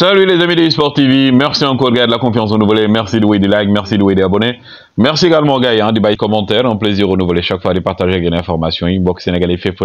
Salut les amis de sport TV, merci encore gars de la confiance renouvelée, merci de vous des likes, merci de vous des abonnés, merci également gars hein, de bailler commentaires, un plaisir renouvelé chaque fois de partager des informations, Inbox sénégalais fait pour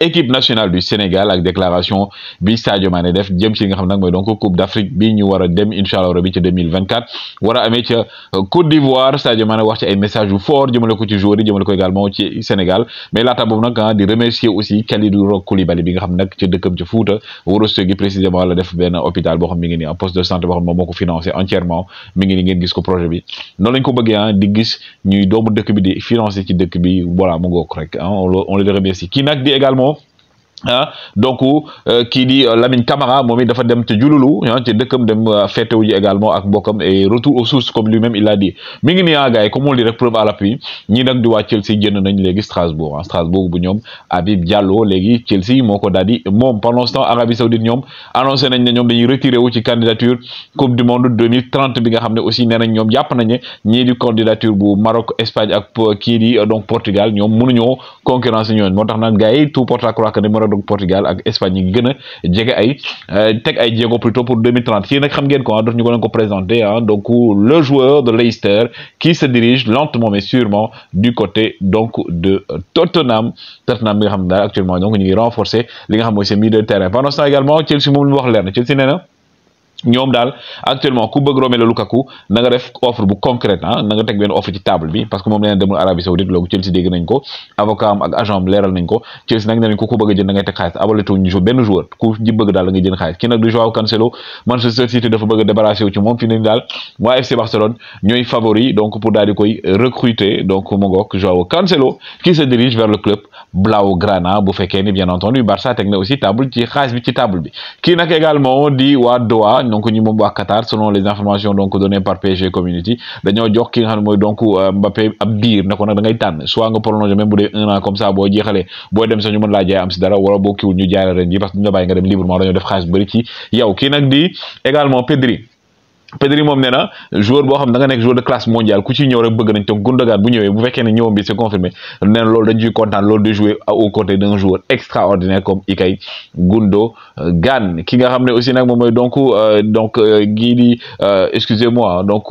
équipe nationale du Sénégal avec déclaration bi Sadio Mané def jëm ci nga xam nak moy donc coupe d'Afrique bi ñu wara a dem incha allah rabi ci 2024 wara amé ci Côte d'Ivoire Sadio Mané wax ci ay messages yu fort jëmale ko ci joueur yi le ko également ci Sénégal mais la tabou nak ah, di remercier aussi Kalidou Koulibaly bi nga xam nak ci dëkkam ci Fouta wóoroste gi précisément la def ben hôpital bo xam mi ngi ni un poste de santé bo xam moko financer financé entièrement mi ngi ngeen gis ko projet bi non lañ ko bëggee ah di gis ñuy doomu dëkk bi di financer ci dëkk bi voilà mo ngook rek ah, on le remercie kii nak di également ah donc qui euh, dit euh, Lamine Camara momi dafa dem te jululu ah, ci dëkkam dem euh, feetewu ji également ak bokam et retour aux sources comme lui-même il a dit mi ngi nii ah, gars yi comme on dit rek preuve à l'appui ni nak di waa Chelsea jënd nañ léegi Strasbourg en ah, Strasbourg bu ñom Habib Diallo léegi Chelsea moko Dadi, daal pendant ce temps Arabie Saoudite ñom annoncé nañ ne ñom dañuy retiré wu ci candidature coupe du monde 2030 bi nga xamné aussi nee nañ ñoom jàpp nañ ne di candidature bu Maroc Espagne ak qui dit donc Portugal ñoom mënuñoo concurrence ñoom motax tax gars yi tout porte à croire que donc Portugal ak Espagne yi gën a ay euh, teg ay jéego plutôt pour 2030 kii nak xam ngeen ko ah ñu ko ko présenter hein donc le joueur de Leicester qui se dirige lentement mais sûrement du côté donc de euh, Tottenham Tottenham bi nga xam ne actuellement donc ñu ngi renforcer li nga xam mooy seen milieu de terrain pendant ce également Chelsea moom lu wax leer Chelsea néna ñom d'al actuellement ku bëgg Romelu Lukaku na nga def offre bu concrète hein na nga tek ben offre ci table bi parce que mom nee demul Arabie Saoudite loolu Chelsea dégg nañ ko avocat am ak agent am leeral nañ ko Chelsea nag nee nañ ko ku bëgg a jënd da ngay teg xaalis abaletu ñu ben joueur ku ji bëgg dal nga ngay jënd xaalis kii du Joao Cancelo Manchester City dafa bëgg a débarrassé wu ci mom fi nañ dal waa FC Barcelone ñoy favori donc pour dal di koy recruter donc mu ngoog Joao Cancelo qui se dirige vers le club Blaugrana bu fekkee ni bien entendu Barça tek na aussi table ci xaalis bi ci table bi ki nak également di wa Doha donc ñi moom waa Qatar selon les informations donc données par PSG Community dañu jox ki nga xam moy donc euh, Mbappé ab diir ne ko da ngay tan soit nga prolonger même bu dee un an comme ça bo jeexalee bo dem sa ñu mën la jaay am ci dara wala bo ki wu ñu jaay la ren ji parce que duñu bay nga dem librement dañu def xaalis bëri ci yow ki nak di également Pedri Pedri moom nee joueur bo xam da nga nek joueur de classe mondiale ku ci ñew rek bëgg nañ te Gundogan bu ñëwee bu féké ne ñëwam bi c'est confirmé nee lool loolu dañ ciy kontaan loolu de jouer au côté d'un joueur extraordinaire comme Ikay Gundo Gan ki nga xamné aussi nak moom mooy donc euh, donc euh, gii di euh, excusez-moi donc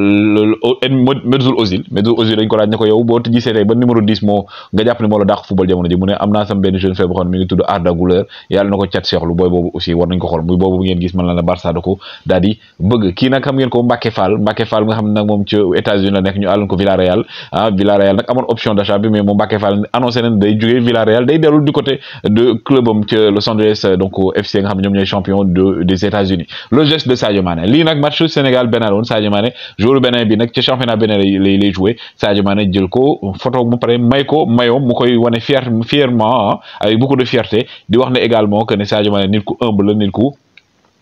Mesut Ozil Mesut Ozil dañ ko laaj ne ko yow boo gisee tey ba numéro 10 mo nga japp ni mo la dàq football jamono ji mu né amna sam benn jeune fait boo xam mi ngi tudd Arda Güler yalla nako chat cheikh seexlu boy bobu aussi war nañ ko xol muy boobu ngeen gis man la Barça da ko daal bëgg ki nak xam ngeen ko Mbacke Fall Mbacke Fall nga xam nak mom ci États-Unis la nekk ñu alun ko Villarreal ah Villarreal nak amoon option d'achat bi mais moom Mbacke Fall annoncé nañ day jógee Villarreal day dellu du côté de club ci Los Angeles donc FC nga xam ne champion de des États-Unis le geste de Sadio Mané li nak match Sénégal Bénin la Sadio Mané jour Bénin bi nak ci championnat Bénin lay lay joué Sadio Mané jël ko photo mu paré may ko mayo mu koy wane fier fièrement ah, avec beaucoup de fierté di wax né également que né Sadio Mané nit ko humble nit ko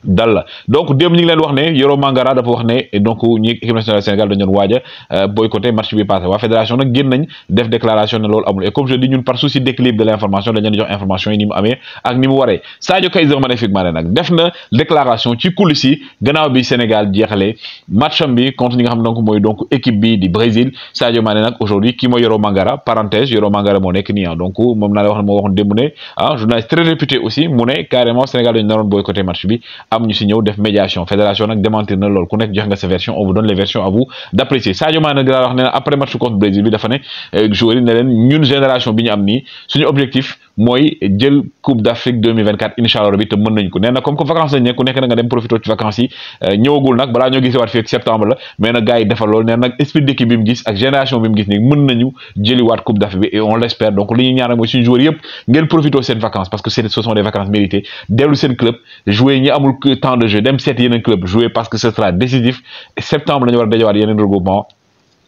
dal donc dem ñu ngi leen wax né Yoro Mangara dafa wax né donc ñi équipe nationale Sénégal dañu waja waaj euh, boycotté match bi passé wa fédération nak gën nañ def déclaration né lool amul et comme je dis ñun par souci d'équilibre de l'information dañu dañ leen jox information yi ni mu amé ak ni mu waré Sadio Kaiser magnifiquement ne nag def na déclaration ci coulisses yi gannaaw bi Sénégal jéxalé matcham bi contre ñi nga xam donc moy donc équipe bi di Brésil Sadio Mané nak aujourd'hui ki mo Yoro Mangara parenthèse Yoro Mangara mo nek nii ah. donc mom na la wax mo wax waxoon né ah, journaliste très réputé aussi mu né carrément Sénégal dañu naroon boycotté match bi am ñu ñëw def médiation fédération nak démentir na lool ku nek jox nga sa version on vous donne les versions à vous d'apprécier Sadio Mané nag wax né après match contre Brésil bi dafa né euh, joueur yi ñun génération bi ñu am ni suñu objectif moy jël coupe d'Afrique 2024 incha allah bi te mën nañ ko néna comme ko vacances lañ ku na nga dem profité ci vacances yi euh, ñëwagul nag balaa ñoo gisewaat fii en septembre la mais na gaay yi defal loolu nee esprit d'équipe bi mu gis ak génération bi mu gis nii mën nañu wat coupe d'Afrique bi et on l'espère. donc li ñuy ñaan mooy suñu joueur yëpp ngeen profité seen vacances parce que c'est ce sont des vacances méritées dellu sen club jouer ñi amul temps de jeu dem seet yeneen club jouer parce que ce sera décisif septembre la wara war a yeneen regroupement